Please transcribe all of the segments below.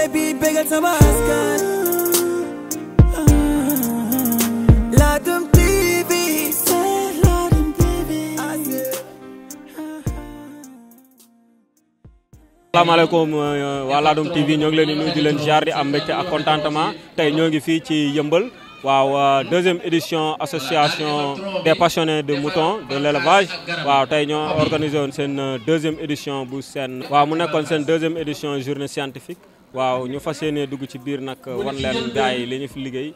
xale bi bégal sama askan Ladoum waa Ladoum TV ñoo ngi leen di nuyu di leen ziar di am mbégte ak contentement tey ñoo ngi fii ci yëmbal waaw euh, deuxième édition association des passionnés de moutons de l'élevage waaw tey ñoo organisé woon seen euh, deuxième édition bu seen waaw mu nekkoon seen deuxième édition journée scientifique waaw ñu fas yéenee dugg ci biir nag wan leen gars yi li ñu fi liggéey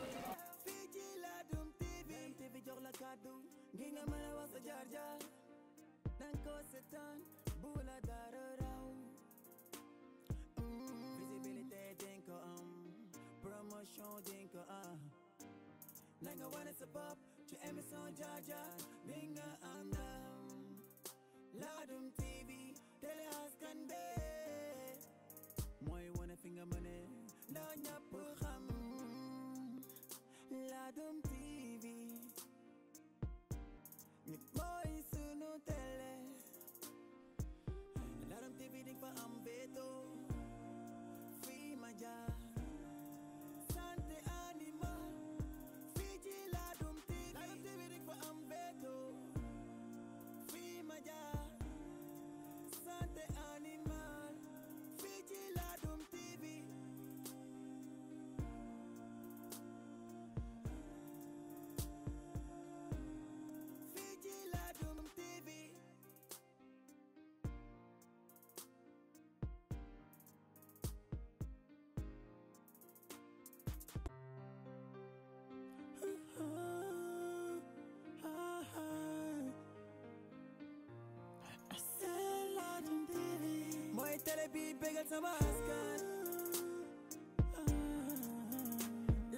télé bi bégal sama askan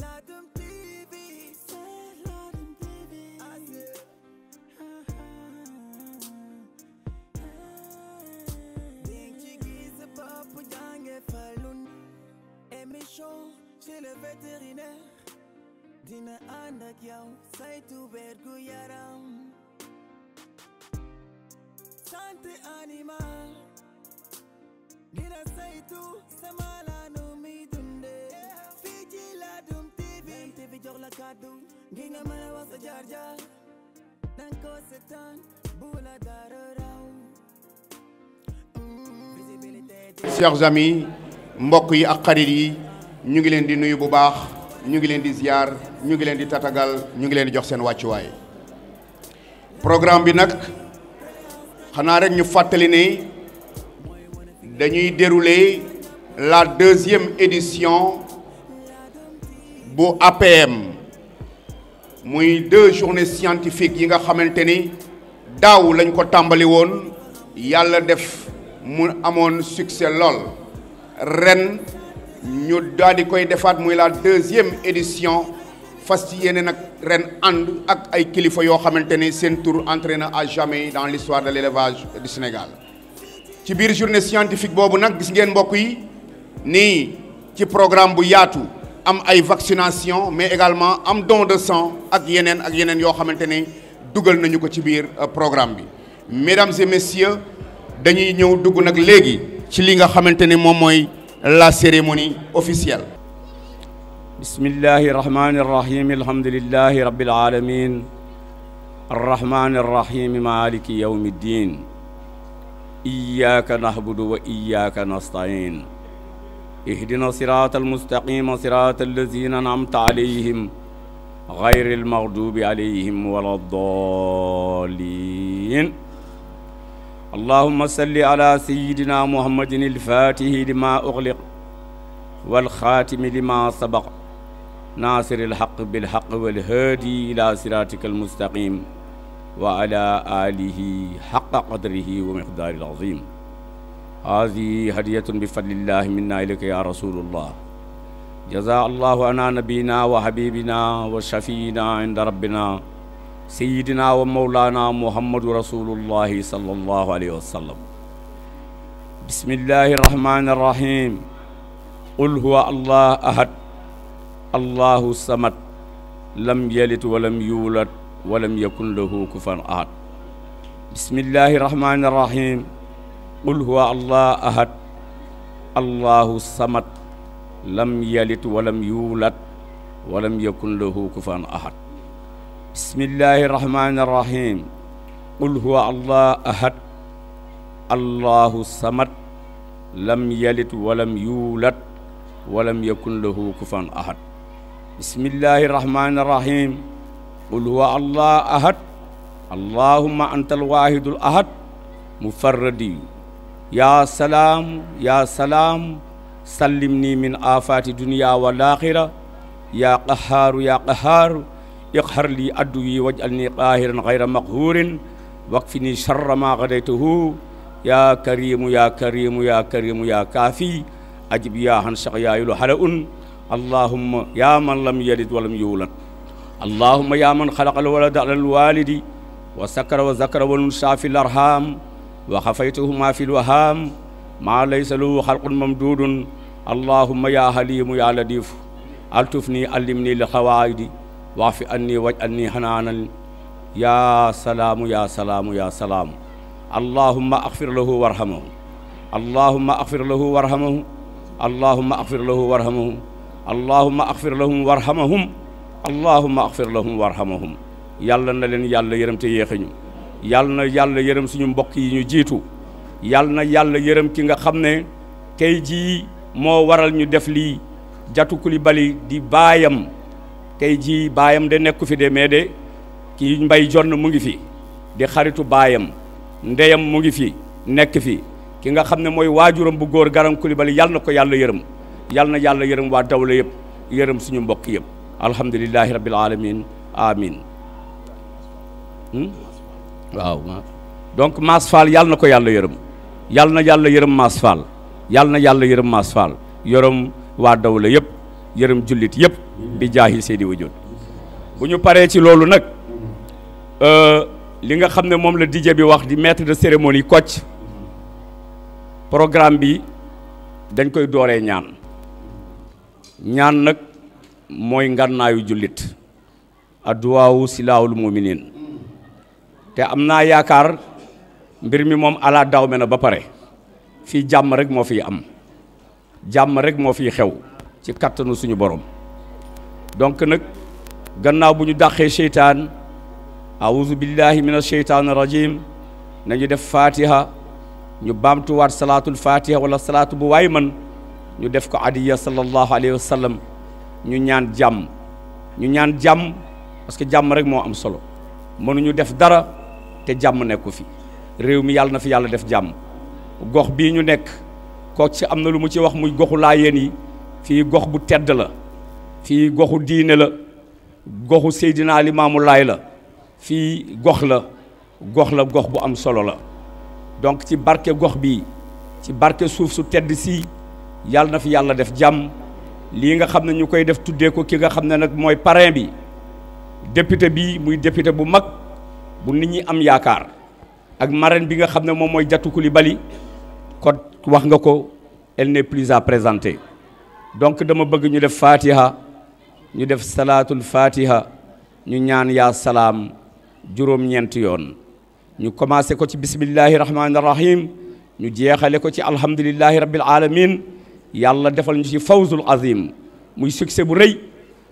Ladoum TV c'est Ladoum TV ding ci gis pap jànge falun émission chez le vétérinaire dina ànd ak yow saytu wergu yaram santé animal gisaytu sama mi dundee jox la kàddu mbokk yi ak xarit yi ñu ngi leen di nuyu bu baax ñu ngi leen di ziar ñu ngi leen di tatagal ñu ngi leen di jox seen wàccuwaay programme bi nag xanaa rek ñu fàttali ne dañuy dérouler la deuxième édition bu APM muy deux journées scientifiques yi nga xamante ni daaw lañ ko tàmbali woon yàlla def mu amoon succès lool ren ñu daal koy defaat muy la deuxième édition fas ci yeneen nag ren ànd ak ay kilifa yoo xamante ni seen tour entraîné à jamais dans l'histoire de l'élevage du Sénégal ci biir journée scientifique boobu nag gis ngeen mbokk yi nii ci programme bu yaatu am ay vaccination mais également am don de sang ak yeneen ak yeneen yoo xamante ne dugal nañu ko ci biir euh, programme bi mesdames et messieurs dañuy ñëw dugg nag léegi ci li nga xamante ne moom mooy la cérémonie officielle bismillahi irrahmani irrahim alhamdulilahi rabbil alamin arrahmani irrahim maliki yawmi ddin iyyaka na'budu wa iyyaka nasta'in ihdina siratal mustaqima siratal lazina an'amta alayhim ghayril maghdubi alayhim waladdallin allahumma salli ala sayyidina muhammadin al-fatihi lima ughliq wal khatimi lima sabaq nasiril haqq bil haqq wal hadi ila siratikal mustaqim wa ala alihi xaqa qadrihi wa miqdaari alazim haadihi hadiyatun bi fadlillahi minna ilayka ya rasulullah jaza allahu ana nabiyina wa habibina wa shafiina inda rabbina sayidina wa mawlana muhammadu rasulullahi sallallahu alayhi wa sallam bismillahi rahmani rahim qul huwa allah ahad allahu samad lam yalid wa lam yulad walam yakun lahu kufan ahad bismillahi rahmani rahim qul huwa allah ahad allahu samad lam yalid walam yuulad walam yakun lahu kufan ahad bismillahi rahmani rahim qul huwa allah ahad allahu samad lam yalid walam yuulad walam yakun lahu kufan ahad bismillahi rahmani rahim qul huwa allah ahad allahumma anta alwaahidul ahad mufarradiyu yaa salaam yaa salaam sallim nii min aafaati duniya wal aaxira yaa qahaaru yaa qahaaru iqhar lii adduwii waj'al nii qaahiran ghayra maqhuurin waqfi nii sharra maa ghadaytahu yaa kariimu yaa kariimu yaa kariimu yaa kaafi ajib yaa hanshaq yaa yulu hala un allahumma yaa man lam yalid walam yuulad allahuma ya man xalaqal walada ala alwalidi wa sakara wa zakara wa nunsa fi larham wa xafaytuhuma fi lwaham maa laysa lahu xalqun mamdudun allahuma ya halimu ya latifu altufni allimni li xawaidi waafi anni waj anni xanaanan ya salaamu ya salaamu ya salaamu allahuma axfir lahu warhamahu allahuma axfir lahu warhamahu allahuma axfir lahu warhamahu allahuma axfir lahum warhamahum allahumma axfir lahum warhamahum yàlla na leen yàlla yërëm te yéexañu yàlla na yàlla yërëm suñu mbokk yi ñu jiitu yàlla na yàlla yërëm ki nga xam ne tey jii moo waral ñu def lii jatu bali di baayam tey jii baayam de nekku fi de mais de ki mbay jonn mu ngi fi di xaritu baayam ndeyam mu ngi fi nekk fi ki nga xam ne mooy waajuram bu góor Garan Coulibaly yàlla na ko yàlla yërëm yàlla na yàlla yërëm waa dawla yëpp yërëm suñu mbokk yëpp alhamdulillahi rabbil alamin amin hmm? donc Mass Fall yàlla na ko yàlla yërëm yàlla na yàlla yërëm Mass Fall na yàlla yërëm Mass Fall yërëm waa dawla yëpp yërëm jullit yëpp bi jaahi seydi wujud bu ñu paree ci loolu nag euh, li nga xam ne moom la DJ bi wax di maître de cérémonie Kocc programme bi dañ koy dooree ñaan ñaan nag mooy ngànnaayu jullit adduwaawu silaahul muminin te am naa yaakaar mbir mi moom ala daaw me na ba pare fii jàmm rek moo fiy am jàmm rek moo fiy xew ci kàttanu suñu borom donc nag gannaaw bu ñu dàqee seytaan awuzu billahi min asheytaan rajim nañu def fatiha ñu baamtuwaat salaatul fatiha wala salaatu bu waay man ñu def ko adiya sallallahu alayhi wa ñu ñaan jàmm ñu ñaan jàmm parce que jàmm rek moo am solo mënuñu def dara te jàmm nekku fi réew mi yàlla na fi yàlla def jàmm gox bii ñu nekk kook ci am na lu mu ci wax muy goxu laayeen yi fii gox bu tedd la fii goxu diine la goxu Seydina Limaamu Laay la fii gox la gox la gox bu am solo la donc ci barke gox bii ci barke suuf su tedd sii yàlla na fi yàlla def jàmm lii nga xam ne ñu koy def tuddee ko ki nga xam ne nag mooy parrain bi député bii muy député bu mag bu nit ñi am yaakaar ak marraine bi nga xam ne moom mooy Diatou bali kon wax nga ko elle n'est plus à présenter donc dama bëgg ñu def fatiha ñu def salaatul fatiha ñu ñaan yaa salaam juróom-ñeent yoon ñu commencé ko ci bismillahi rahmaani rahim ñu jeexale ko ci alhamdulillahi rabbil alamin yàlla defal ñu ci fawzul azim muy succès bu rëy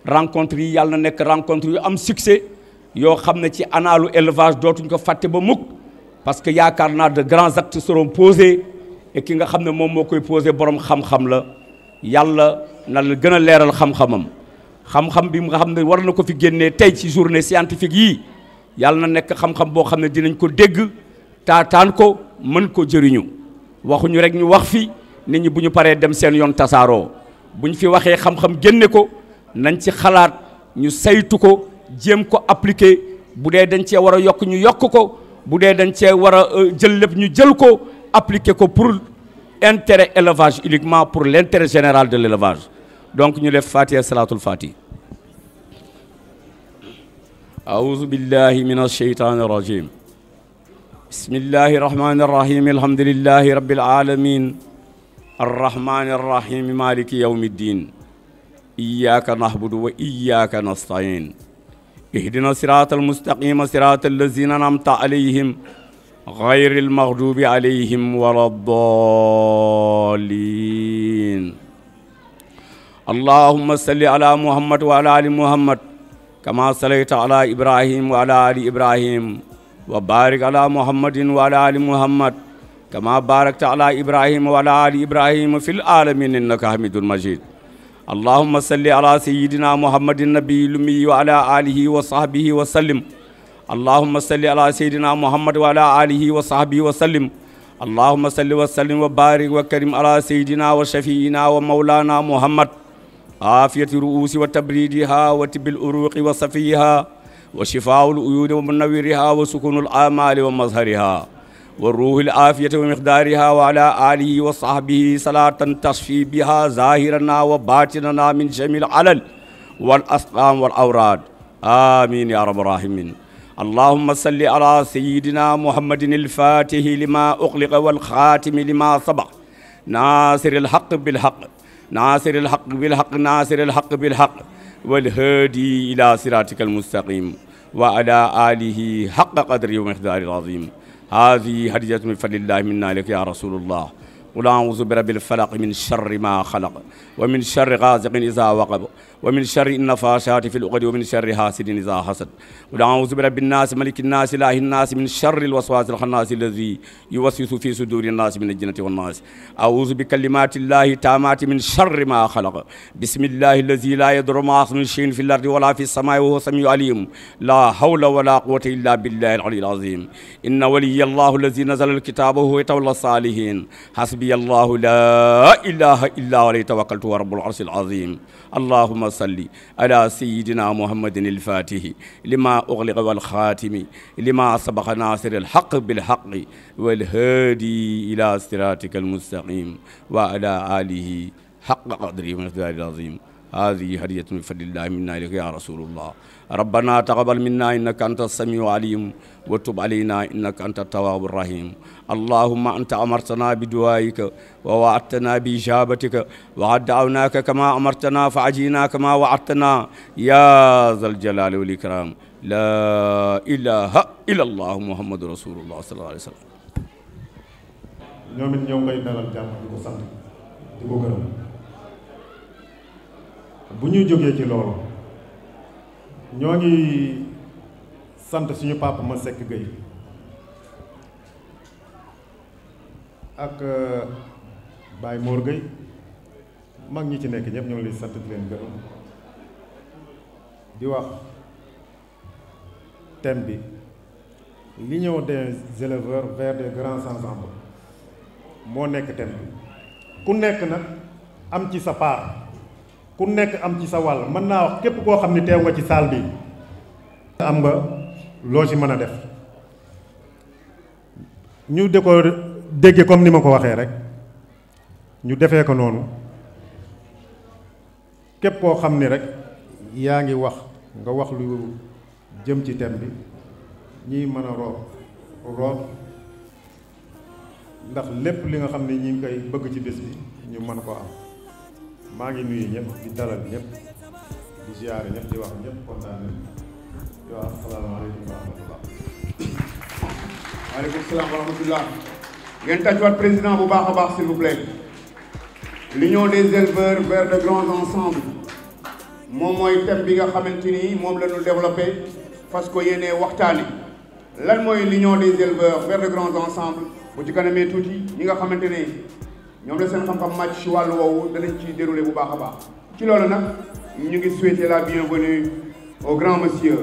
rencontre yi yàlla na nekk rencontre yu am succès yoo xam ne ci anaalu élevage dootuñ ko fàtte ba mukk parce que yaakaar naa de grands actes seront posés et ki nga xam ne moom moo koy posé borom xam-xam la yàlla na la gën a leeral xam-xamam xam-xam bi nga xam ne war na ko fi génnee tey ci journée scientifique yi yàlla na nekk xam-xam boo xam ne dinañ ko dégg taataan ko mën ko jëriñu waxuñu rek ñu wax fi nit ñi bu ñu paree dem seen yoon tasaaroo bu ñu fi waxee xam-xam génne ko nañ ci xalaat ñu saytu ko jéem ko appliquer bu dee dañ cee war a yokk ñu yokk ko bu dee dañ cee war a euh, jël lépp ñu jël ko appliquer ko pour intérêt élevage uniquement pour l' intérêt général de l' donc ñu def fatiha salaatul fatih أعوذ بالله من الشيطان الرجيم بسم الله الرحمن الرحيم الحمد لله رب العالمين arrahmaani arrahimi maliki yawmi ddin iyyaka nahbudu wa iyyaka nastain ihdina sirata almustaqima sirata allazina anamta alayhim gayri almaghdubi alayhim wala ddallin allahumma salli ala muhammad wa ala ali muhammad kama sallayta ala ibrahim wa ala ali ibrahim wa barik ala muhammadin wa ala ali muhammad kama barakta ala ibrahima wa ala ali ibrahima fi l alamin innaka hamidun majid allahuma salli ala sayidina muhammadin nabiyi lumiyi wa ala alihi wa sahbihi wa sallim allahuma salli ala sayidina muhammad wa ala alihi wa sahbihi wa sallim allahuma salli wa sallim wa barik wa karim ala sayidina wa shafiina wa maulana muhammad aafiyati ru'uusi wa tabridiha wa tibbil uruqi wa safiha wa shifaa'ul uyuudi wa munawwiriha wa sukunul amaali wa mazhariha wa ruuhil aafiyati wa miqdaariha wa ala aalihi wa sahbihi salaatan tasfi biha zahirana wa batinana min jamil alal wal asqaam wal awraad amin ya rabbal rahimin allahumma salli ala sayidina muhammadin alfatihi lima uqliqa walxaatimi lima sabaq naasiri alhaq bilhaq naasiri alhaq bilhaq naasiri alhaq bilhaq walhaadi ila siratika almustaqim wa ala aalihi haqqa qadri wa miqdaari alazim haadihi hadiyatu min fadlillahi minna ilayka ya rasulullah qul aawuzu bi rabbil falaq min charri ma xalaq wa min charri gaasiqin iza waqab wa min charri nafaasaati fi luqadi wa min charri haasidin iza hasad qul aawuzu bi rabbin naasi malikin naasi ilaahin naasi min charri lwaswaasi alxannaasi allazi yuwaswisu fi suduuri nnaasi min aljinnati wannaasi aawuzu bi kalimaati llaahi taamaati min charri ma xalaq bismillahi allazi laa yadurru ma'a ismihi shay'un fi lardi wala fi samaa'i wa huwa samiu alim laa hawla wala quwwata illa billahi alali alazim inna waliya allahu allazi nazala alkitaaba wa huwa yatawalla saalihin hasbi حسبي الله لا إله إلا عليه توكلت ورب العرش العظيم اللهم صل على سيدنا محمد الفاتح لما أغلق والخاتم لما سبق ناصر الحق بالحق والهادي إلى صراطك المستقيم وعلى آله حق قدره من العظيم هذه هدية من فضل الله منا إليك يا رسول الله ربنا تقبل منا إنك أنت السميع العليم وتب علينا إنك أنت التواب الرحيم اللهم أنت أمرتنا بدعائك ووعدتنا بإجابتك وقد دعوناك كما أمرتنا فعجينا كما وعدتنا يا ذا الجلال والإكرام لا إله إلا الله محمد رسول الله صلى الله عليه وسلم ñoom it ñoo ngi koy dalal jàmm di ko sant di ko gërëm bu ñu jógee ci loolu ñoo ngi sant suñu papa ma sekk Gueye ak euh, baay Mor Gueye mag ñi ci nekk ñëpp ñoo ngi sant di leen gërëm di wax thème bi l'union des éleveurs vers des grands ensembles moo nekk thème bi ku nekk nag am ci sa part ku nekk am ci sa wàll mën naa wax képp koo xam ne teew nga ci salle bi am nga loo ci mën a def ñu de ko dégge comme ni ma ko waxee rek ñu defee ko noonu képp koo xam ni rek yaa ngi wax nga wax lu jëm ci thème bi ñuy mën a root root ndax lépp li nga xam ne ñi ngi koy bëgg ci bis bi ñu mën ko am maa ngi nuyu ñëpp di dalal ñëpp di ziare ñëpp di wax ñëpp kontaan nañ di wax asalaamaaleykum wa rahmatulah. waaleykum salaam wa rahmatulah. ngeen tàccuwaat président bu baax a baax s'il vous plaît. l'union des éleveurs vers de grands ensembles. moom mooy thème bi nga xamante ni moom la ñu développé parce que yéenee waxtaani lan mooy l'union des éleveurs vers de grands ensembles bu ci kanamee tuuti ñi nga xamante ne. ñoom la seen xam-xam màcc ci wàllu woowu danañ ci déroulé bu baax a baax ci loolu nag ñu ngi souhaiter la bienvenue au grand monsieur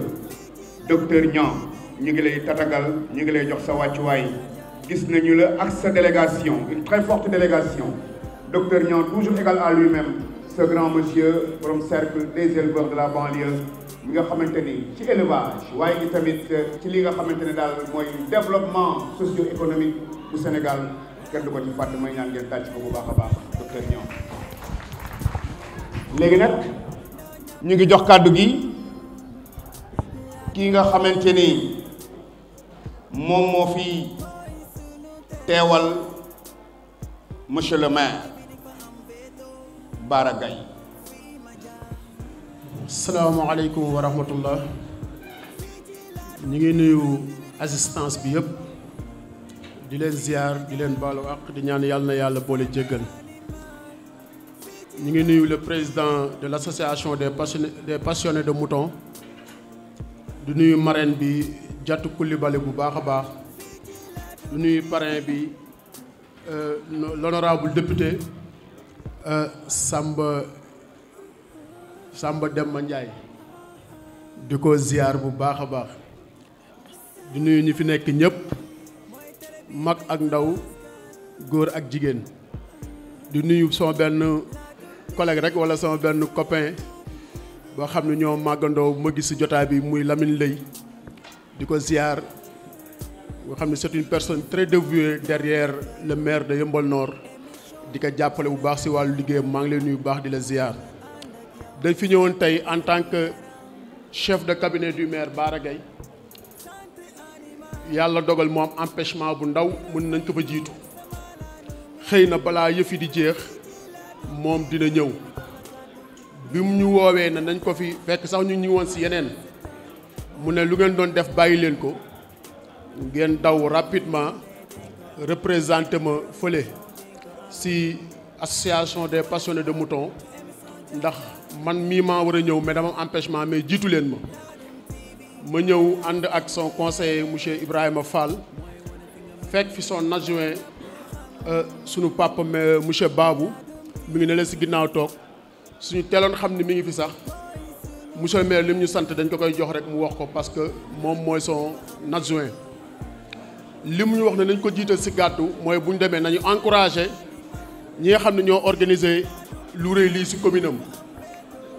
docteur Niang ñu ngi lay tatagal ñu ngi lay jox sa wàccuwaay gis nañu la ak sa délégation une très forte délégation docteur Niang toujours égal à lui-même ce grand monsieur borom cercle des éleveurs de la banlieue mi nga xamante ni ci élevage waaye ni tamit ci li nga xamante ne daal mooy développement socio-économique bu Sénégal kenn du ko ci fàtte may ñaan bu baax baax docteur léegi nag ñu ngi jox kàddu gi kii nga xamante ni moom moo fi teewal monsieur le maire Bara Gaye salaamaaleykum wa rahmatullah ñu ngi nuyu assistance bi yëpp di leen ziar di leen baalu àq di ñaan yàlla na yàlla boole jéggal ñu ngi nuyu le président de l' association des passionnés des passionnés de mouton du nuyu marraine bi jàttu Coulibaly bu baax a baax du nuy parrain bi euh, l'honorable député euh, Samba Samba Demba Ndiaye di ko ziar bu baax a baax du nuyu ñu fi nekk ñëpp mag ak ndaw góor ak jigéen di nuyu sama benn collègue rek wala sama benn copain boo xam ne ñoo màggandoo ma gis si jotaay bi muy lamin Lay di ko ziar nga xam ne c'est une personne très dévouée derrière le maire de Yeumbeul Nord di ko jàppale bu baax si wàllu liggéeyam maa ngi lay bu baax di la ziar dañ fi ñëwoon tey en tant que chef de cabinet du maire Bara Gaye yàlla dogal mu am empêchement bu ndaw mën nañ ko fa jiitu xëy na balaa yëfi di jeex moom dina ñëw bi mu ñu woowee na nañ ko fi fekk sax ñu woon si yeneen mu ne lu ngeen doon def bàyyi leen ko ngeen daw rapidement représenté ma fële si association des passionnés de mouton ndax man mii maa war a ñëw mais dama am mais jiitu leen ma ma ñëw ànd ak son conseiller monsieur Ibrahima Fall fekk fi son adjoint euh, sunu papa euh, monsieur Babou mu ngi ne la si ginnaaw toog suñu teeloon xam ni mi ngi fi sax monsieur le maire lim ñu sant dañ ko koy jox rek mu wax ko parce que moom mooy soo son adjoint li mu ñu wax ne nañ ko jiital si gàddu mooy bu ñu demee nañu encouragé ñi nga xam ne ñoo organiser lu rëy lii si commune am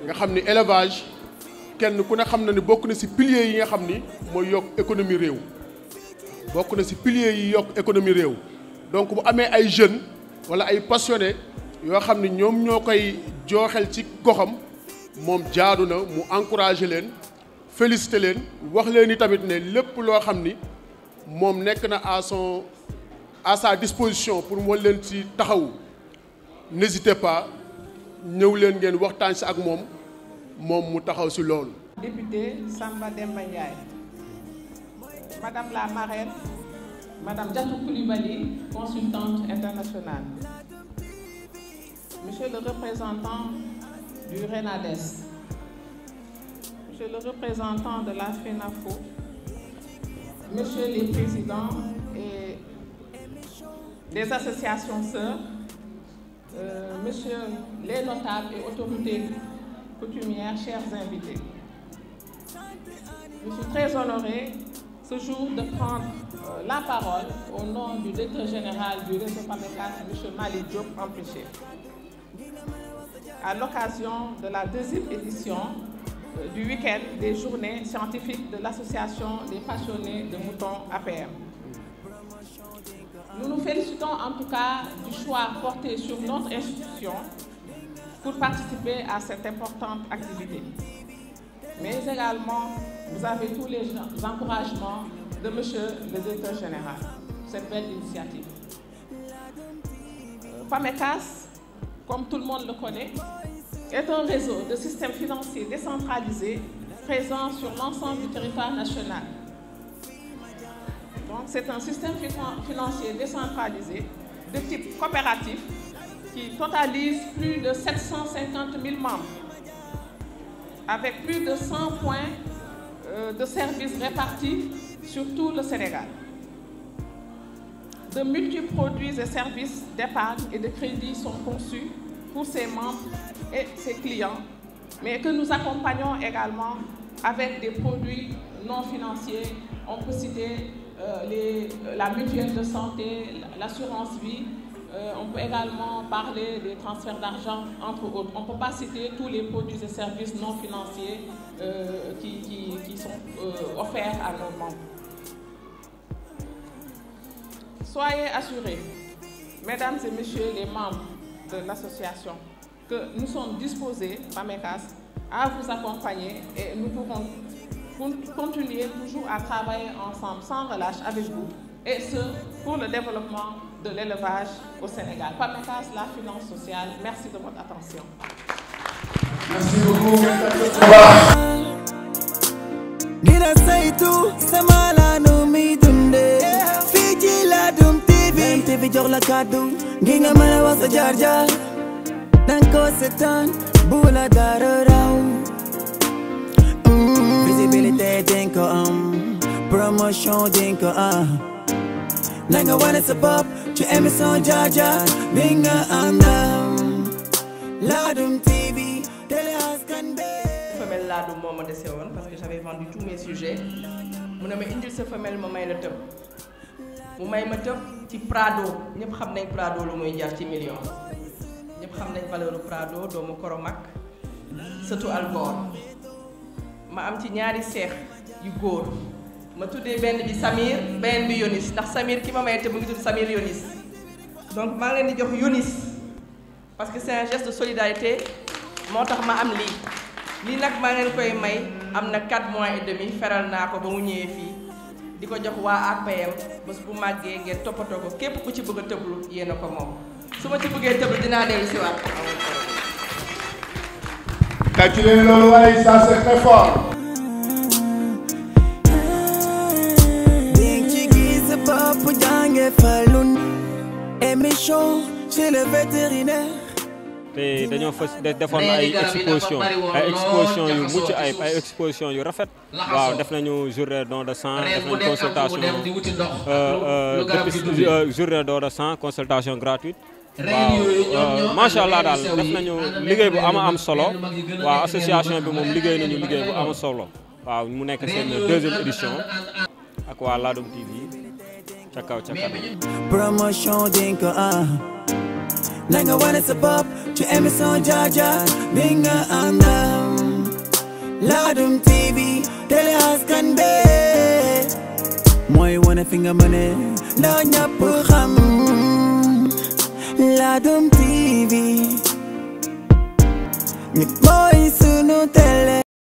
nga xam ni élevage. kenn ku ne xam na ni bokk na ci piliers yi nga xam ni mooy yokk économie réew bokk na ci piliers yi yokk économie réew donc bu amee ay jeunes walla ay passionnés yoo xam ni ñoom ñoo koy jooxel ci goxam moom jaadu na mu encourager leen féliciter leen wax leen ni tamit ne lépp loo xam ni moom nekk na à son à sa disposition pour mu leen ci taxaw n'hésitez pas ñëw leen ngeen waxtaan si ak moom. moom mu taxaw si loolu. député Samba Demba Ndiaye madame la marraine madame Diatou Coulibaly consultante internationale monsieur le représentant du RENADES monsieur le représentant de la FENAFO monsieur les présidents des associations sœurs euh, monsieur les notables et autorités coutumières, chers invités. Je suis très honorée ce jour de prendre euh, la parole au nom du directeur général du réseau PAMECAS, M. Mali Diop Ampliché, à l'occasion de la deuxième édition euh, du week des journées scientifiques de l'Association des passionnés de moutons APM. Nous nous félicitons en tout cas du choix porté sur notre institution pour participer à cette importante activité. Mais également, vous avez tous les encouragements de Monsieur le Directeur Général. Cette belle initiative. Euh, PAMECAS, comme tout le monde le connaît, est un réseau de systèmes financiers décentralisés présent sur l'ensemble du territoire national. Donc c'est un système financier décentralisé de type coopératif qui totalise plus de 750 000 membres, avec plus de 100 points euh, de services répartis sur tout le Sénégal. De multiples produits et services d'épargne et de crédit sont conçus pour ses membres et ses clients, mais que nous accompagnons également avec des produits non financiers. On peut citer euh, les, la mutuelle de santé, l'assurance vie, Euh, on peut également parler des transferts d'argent, entre autres. On peut pas citer tous les produits et services non financiers euh, qui, sont euh, offerts à nos membres. Soyez assurés, mesdames et messieurs les membres de l'association, que nous sommes disposés, PAMECAS, à vous accompagner et nous pourrons continuer toujours à travailler ensemble sans relâche avec vous, et ce, pour le développement de l'élevage au Sénégal. Pametas, la finance sociale. Merci de votre attention. Merci beaucoup. Dina saytu sama laanu mi dunde fii ci Ladoum TV. TV jox la kàddu ngi nga mën a wax sa jaar jaar danga ko seetaan bu la dara raw. Mm. Visibilité dinga ko am promotion dinga ko am nanga wane sa bopp. Tu aimes son jaja bi nga àndam Ladoum TV télé askan bi femelle Ladoum moo ma dese woon parce que j'avais vendu tous mes sujets mu ne ma indil sa femelle ma may la tëb mu may ma tëb ci Prado ñëpp xam nañ Prado lu muy jar ci million ñëpp xam nañ valeur Prado doomu Koromak sëtu Al ma am ci ñaari seex yu góor ma tuddee benn bi Samir benn bi Yonis ndax Samir ki ma may te mu ngi tudd Samir Yonis donc maa ngi di jox Yonis parce que c'est de solidarité moo tax ma am lii lii nag maa ngi koy may am na 4 mois et demi feral naa ko ba mu ñëwee fii di ko jox waa APM bés bu màggee ngeen toppatoo ko képp ku ci bëgg a tëblu yéen a ko moom su ma ci bëggee tëblu dinaa dellu si waat. tàccu leen loolu waaye ça c'est très Pape Diagne Falloun émission defoon ay exposition ay exposition yu yu rafet waaw def nañu journée don de sang def nañu consultation euh, euh, depuis euh, journée de sang consultation gratuite waaw macha allah daal def nañu liggéey bu ama am solo waaw association bi moom liggéey nañu liggéey bu am solo waaw mu nekk seen deuxième édition ak waa Ladoum TV ca kaw ca kanam promotion dinga a ah. nanga wane sa bopp ci émission Jaaja bi nga àndam Ladoum askan bi mooy wane fi nga mëne ndax ñëpp xam Ladoum TV mooy sunu télé